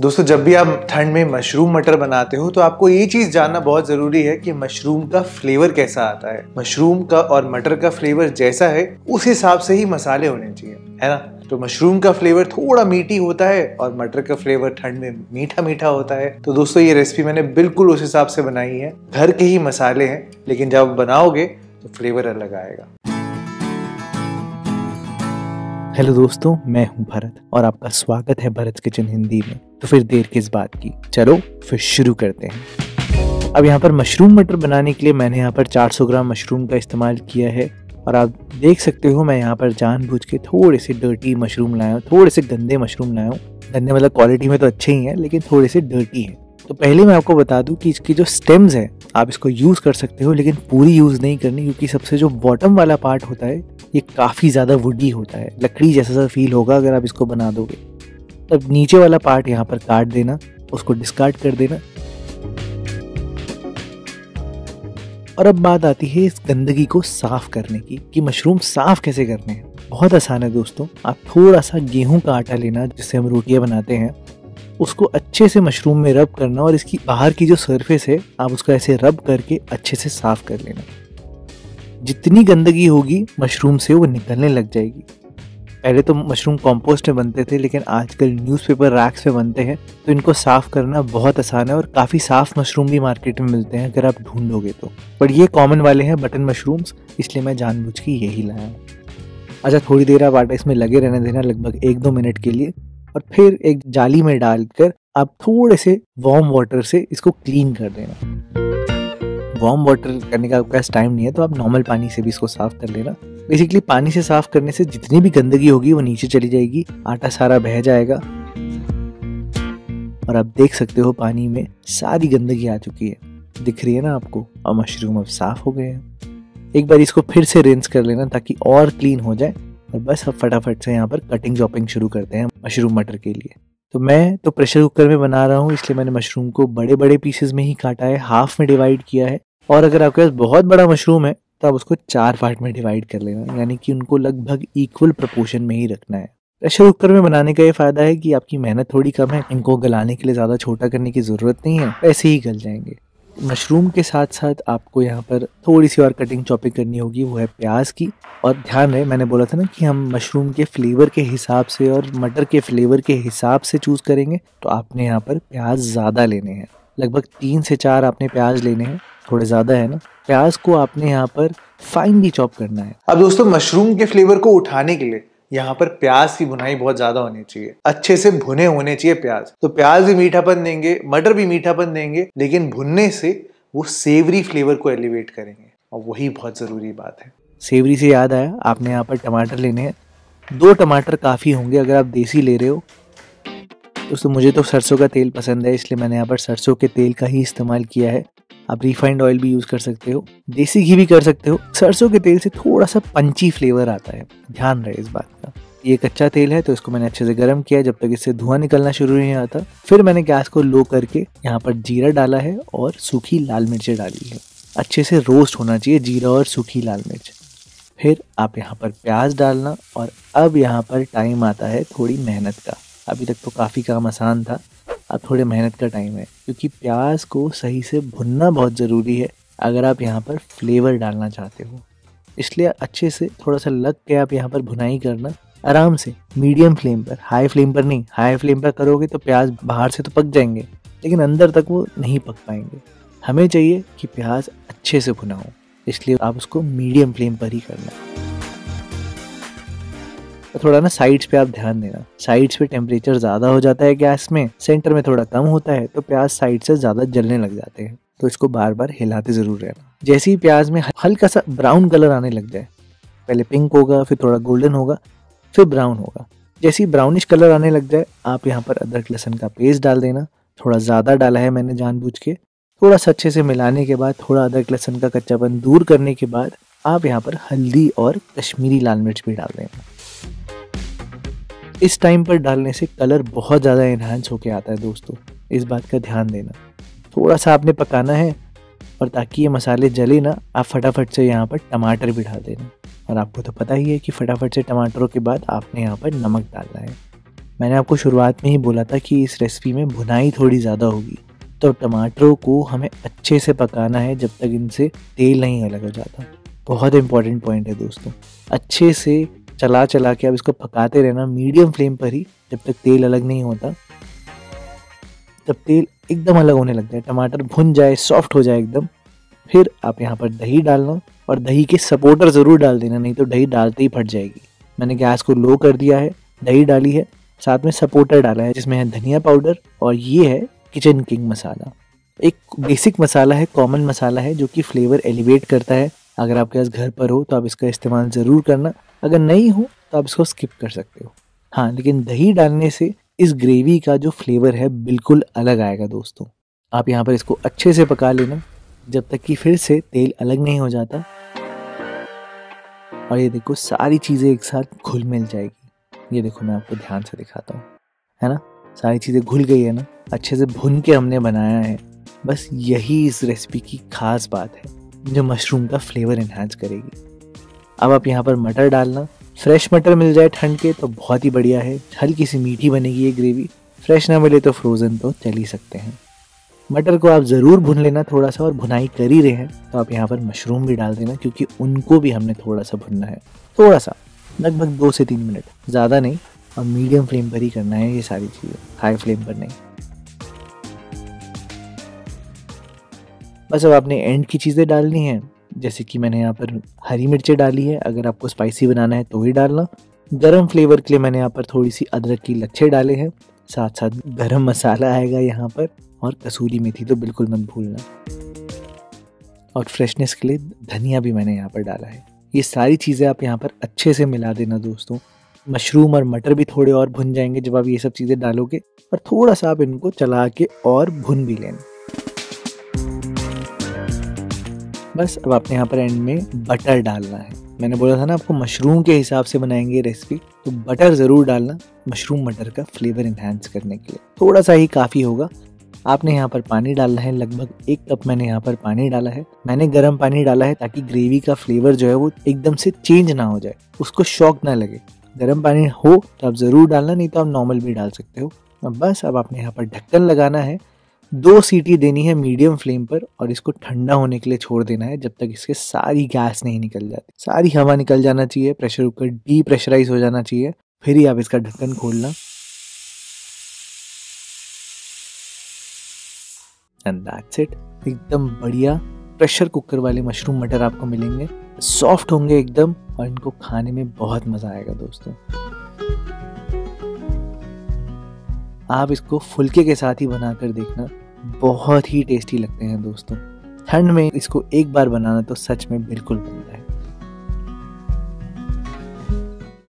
दोस्तों जब भी आप ठंड में मशरूम मटर बनाते हो तो आपको ये चीज़ जानना बहुत ज़रूरी है कि मशरूम का फ्लेवर कैसा आता है मशरूम का और मटर का फ्लेवर जैसा है उस हिसाब से ही मसाले होने चाहिए है ना तो मशरूम का फ्लेवर थोड़ा मीठी होता है और मटर का फ्लेवर ठंड में मीठा मीठा होता है तो दोस्तों ये रेसिपी मैंने बिल्कुल उस हिसाब से बनाई है घर के ही मसाले हैं लेकिन जब बनाओगे तो फ्लेवर अलग आएगा हेलो दोस्तों मैं हूं भरत और आपका स्वागत है भरत किचन हिंदी में तो फिर देर किस बात की चलो फिर शुरू करते हैं अब यहाँ पर मशरूम मटर बनाने के लिए मैंने यहाँ पर 400 ग्राम मशरूम का इस्तेमाल किया है और आप देख सकते हो मैं यहाँ पर जानबूझ के थोड़े से डर्टी मशरूम लाया हूँ थोड़े से गंदे मशरूम लाया हूँ गंदे मतलब क्वालिटी में तो अच्छे ही हैं लेकिन थोड़े से डर्टी हैं तो पहले मैं आपको बता दूं कि इसकी जो स्टेम्स हैं आप इसको यूज़ कर सकते हो लेकिन पूरी यूज़ नहीं करनी क्योंकि सबसे जो बॉटम वाला पार्ट होता है ये काफ़ी ज़्यादा वुडी होता है लकड़ी जैसा सा फील होगा अगर आप इसको बना दोगे तब नीचे वाला पार्ट यहाँ पर काट देना उसको डिस्कार्ड कर देना और अब बात आती है इस गंदगी को साफ करने की कि मशरूम साफ कैसे करने हैं बहुत आसान है दोस्तों आप थोड़ा सा गेहूं का आटा लेना जिससे हम रोटियां बनाते हैं उसको अच्छे से मशरूम में रब करना और इसकी बाहर की जो सरफेस है आप उसको ऐसे रब करके अच्छे से साफ कर लेना जितनी गंदगी होगी मशरूम से वो निकलने लग जाएगी पहले तो मशरूम कॉम्पोस्ट में बनते थे लेकिन आजकल न्यूज़पेपर रैक्स में बनते हैं तो इनको साफ़ करना बहुत आसान है और काफ़ी साफ़ मशरूम भी मार्केट में मिलते हैं अगर आप ढूंढोगे तो बट ये कॉमन वाले हैं बटन मशरूम्स इसलिए मैं जानबूझ के यही लाया अच्छा थोड़ी देर आप आटा इसमें लगे रहने देना लगभग एक दो मिनट के लिए और फिर एक जाली में डालकर आप थोड़े से वार्म वाटर से इसको क्लीन कर देना वार्म वाटर करने का आपके पास टाइम नहीं है तो आप नॉर्मल पानी से भी इसको साफ कर लेना बेसिकली पानी से साफ करने से जितनी भी गंदगी होगी वो नीचे चली जाएगी आटा सारा बह जाएगा और आप देख सकते हो पानी में सारी गंदगी आ चुकी है दिख रही है ना आपको और मशरूम अब साफ हो गए हैं एक बार इसको फिर से रेंस कर लेना ताकि और क्लीन हो जाए और बस अब फटाफट से यहाँ पर कटिंग चॉपिंग शुरू करते हैं मशरूम मटर के लिए तो मैं तो प्रेशर कुकर में बना रहा हूँ इसलिए मैंने मशरूम को बड़े बड़े पीसेज में ही काटा है हाफ में डिवाइड किया है और अगर आपके पास बहुत बड़ा मशरूम है तो आप उसको चार पार्ट में डिवाइड कर लेना यानी कि उनको लगभग इक्वल प्रपोर्शन में ही रखना है प्रेशर कुकर में बनाने का ये फ़ायदा है कि आपकी मेहनत थोड़ी कम है इनको गलाने के लिए ज़्यादा छोटा करने की ज़रूरत नहीं है ऐसे ही गल जाएंगे मशरूम के साथ साथ आपको यहाँ पर थोड़ी सी और कटिंग चॉपिंग करनी होगी वो है प्याज की और ध्यान रहे मैंने बोला था ना कि हम मशरूम के फ्लेवर के हिसाब से और मटर के फ्लेवर के हिसाब से चूज़ करेंगे तो आपने यहाँ पर प्याज ज़्यादा लेने हैं लगभग तीन से चार आपने प्याज लेने हैं थोड़े ज़्यादा है ना प्याज को आपने यहाँ पर फाइनली चॉप करना है अब दोस्तों मशरूम के फ्लेवर को उठाने के लिए यहाँ पर प्याज की भुनाई बहुत ज्यादा होनी चाहिए अच्छे से भुने होने चाहिए प्याज तो प्याज भी मीठापन देंगे मटर भी मीठापन देंगे लेकिन भुनने से वो सेवरी फ्लेवर को एलिवेट करेंगे और वही बहुत ज़रूरी बात है सेवरी से याद आया आपने यहाँ पर टमाटर लेने हैं दो टमाटर काफ़ी होंगे अगर आप देसी ले रहे हो दोस्तों मुझे तो सरसों का तेल पसंद है इसलिए मैंने यहाँ पर सरसों के तेल का ही इस्तेमाल किया है आप रिफाइंड ऑयल भी यूज़ कर सकते हो देसी घी भी कर सकते हो सरसों के तेल से थोड़ा सा पंची फ्लेवर आता है ध्यान रहे इस बात का ये कच्चा तेल है तो इसको मैंने अच्छे से गर्म किया जब तक इससे धुआं निकलना शुरू नहीं आता फिर मैंने गैस को लो करके यहाँ पर जीरा डाला है और सूखी लाल मिर्चें डाली है अच्छे से रोस्ट होना चाहिए जीरा और सूखी लाल मिर्च फिर आप यहाँ पर प्याज डालना और अब यहाँ पर टाइम आता है थोड़ी मेहनत का अभी तक तो काफ़ी काम आसान था अब थोड़े मेहनत का टाइम है क्योंकि प्याज को सही से भुनना बहुत ज़रूरी है अगर आप यहाँ पर फ्लेवर डालना चाहते हो इसलिए अच्छे से थोड़ा सा लग के आप यहाँ पर भुनाई करना आराम से मीडियम फ्लेम पर हाई फ्लेम पर नहीं हाई फ्लेम पर करोगे तो प्याज बाहर से तो पक जाएंगे लेकिन अंदर तक वो नहीं पक पाएंगे हमें चाहिए कि प्याज अच्छे से भुना हो इसलिए आप उसको मीडियम फ्लेम पर ही करना थोड़ा ना साइड्स पे आप ध्यान देना साइड्स पे टेम्परेचर ज़्यादा हो जाता है गैस में सेंटर में थोड़ा कम होता है तो प्याज साइड से ज़्यादा जलने लग जाते हैं तो इसको बार बार हिलाते ज़रूर रहना जैसे ही प्याज में हल्का सा ब्राउन कलर आने लग जाए पहले पिंक होगा फिर थोड़ा गोल्डन होगा फिर ब्राउन होगा जैसे ही ब्राउनिश कलर आने लग जाए आप यहाँ पर अदरक लहसन का पेस्ट डाल देना थोड़ा ज़्यादा डाला है मैंने जानबूझ के थोड़ा सा अच्छे से मिलाने के बाद थोड़ा अदरक लहसन का कच्चापन दूर करने के बाद आप यहाँ पर हल्दी और कश्मीरी लाल मिर्च भी डाल देना इस टाइम पर डालने से कलर बहुत ज़्यादा इन्हांस होके आता है दोस्तों इस बात का ध्यान देना थोड़ा सा आपने पकाना है और ताकि ये मसाले जले ना आप फटाफट से यहाँ पर टमाटर भी डाल देना और आपको तो पता ही है कि फटाफट से टमाटरों के बाद आपने यहाँ पर नमक डालना है मैंने आपको शुरुआत में ही बोला था कि इस रेसिपी में भुनाई थोड़ी ज़्यादा होगी तो टमाटरों को हमें अच्छे से पकाना है जब तक इनसे तेल नहीं अलग हो जाता बहुत इंपॉर्टेंट पॉइंट है दोस्तों अच्छे से चला चला के अब इसको पकाते रहना मीडियम फ्लेम पर ही जब तक तेल अलग नहीं होता जब तेल एकदम अलग होने लगता है टमाटर भुन जाए सॉफ्ट हो जाए एकदम फिर आप यहाँ पर दही डालना और दही के सपोर्टर ज़रूर डाल देना नहीं तो दही डालते ही फट जाएगी मैंने गैस को लो कर दिया है दही डाली है साथ में सपोर्टर डाला है जिसमें है धनिया पाउडर और ये है किचन किंग मसाला एक बेसिक मसाला है कॉमन मसाला है जो कि फ्लेवर एलिवेट करता है अगर आपके पास घर पर हो तो आप इसका इस्तेमाल ज़रूर करना अगर नहीं हो तो आप इसको स्किप कर सकते हो हाँ लेकिन दही डालने से इस ग्रेवी का जो फ्लेवर है बिल्कुल अलग आएगा दोस्तों आप यहाँ पर इसको अच्छे से पका लेना जब तक कि फिर से तेल अलग नहीं हो जाता और ये देखो सारी चीज़ें एक साथ घुल मिल जाएगी ये देखो मैं आपको ध्यान से दिखाता हूँ है ना सारी चीज़ें घुल गई है ना अच्छे से भुन के हमने बनाया है बस यही इस रेसिपी की खास बात है जो मशरूम का फ्लेवर इन्हांस करेगी अब आप यहाँ पर मटर डालना फ्रेश मटर मिल जाए ठंड के तो बहुत ही बढ़िया है हल्की सी मीठी बनेगी ये ग्रेवी फ्रेश ना मिले तो फ्रोज़न तो चल ही सकते हैं मटर को आप ज़रूर भुन लेना थोड़ा सा और भुनाई कर ही रहे हैं तो आप यहाँ पर मशरूम भी डाल देना क्योंकि उनको भी हमने थोड़ा सा भुनना है थोड़ा सा लगभग दो से तीन मिनट ज़्यादा नहीं और मीडियम फ्लेम पर ही करना है ये सारी चीज़ें हाई फ्लेम पर नहीं बस अब आपने एंड की चीज़ें डालनी हैं जैसे कि मैंने यहाँ पर हरी मिर्चें डाली है अगर आपको स्पाइसी बनाना है तो ही डालना गरम फ्लेवर के लिए मैंने यहाँ पर थोड़ी सी अदरक की लच्छे डाले हैं साथ साथ गरम मसाला आएगा यहाँ पर और कसूरी मेथी तो बिल्कुल मत भूलना और फ्रेशनेस के लिए धनिया भी मैंने यहाँ पर डाला है ये सारी चीज़ें आप यहाँ पर अच्छे से मिला देना दोस्तों मशरूम और मटर भी थोड़े और भुन जाएंगे जब आप ये सब चीज़ें डालोगे और थोड़ा सा आप इनको चला के और भुन भी लेना बस अब आपने यहाँ पर एंड में बटर डालना है मैंने बोला था ना आपको मशरूम के हिसाब से बनाएंगे रेसिपी तो बटर ज़रूर डालना मशरूम मटर का फ्लेवर इन्हांस करने के लिए थोड़ा सा ही काफ़ी होगा आपने यहाँ पर पानी डालना है लगभग एक कप मैंने यहाँ पर पानी डाला है मैंने गर्म पानी डाला है ताकि ग्रेवी का फ्लेवर जो है वो एकदम से चेंज ना हो जाए उसको शौक ना लगे गर्म पानी हो तो आप ज़रूर डालना नहीं तो आप नॉर्मल भी डाल सकते हो बस अब आपने यहाँ पर ढक्कन लगाना है दो सीटी देनी है मीडियम फ्लेम पर और इसको ठंडा होने के लिए छोड़ देना है जब तक इसके सारी गैस नहीं निकल जाती सारी हवा निकल जाना चाहिए प्रेशर कुकर डी प्रेशराइज हो जाना चाहिए फिर ही आप इसका ढक्कन खोलना एंड दैट्स इट एकदम बढ़िया प्रेशर कुकर वाले मशरूम मटर आपको मिलेंगे सॉफ्ट होंगे एकदम और इनको खाने में बहुत मज़ा आएगा दोस्तों आप इसको फुलके के साथ ही बनाकर देखना बहुत ही टेस्टी लगते हैं दोस्तों ठंड में इसको एक बार बनाना तो सच में बिल्कुल बनता है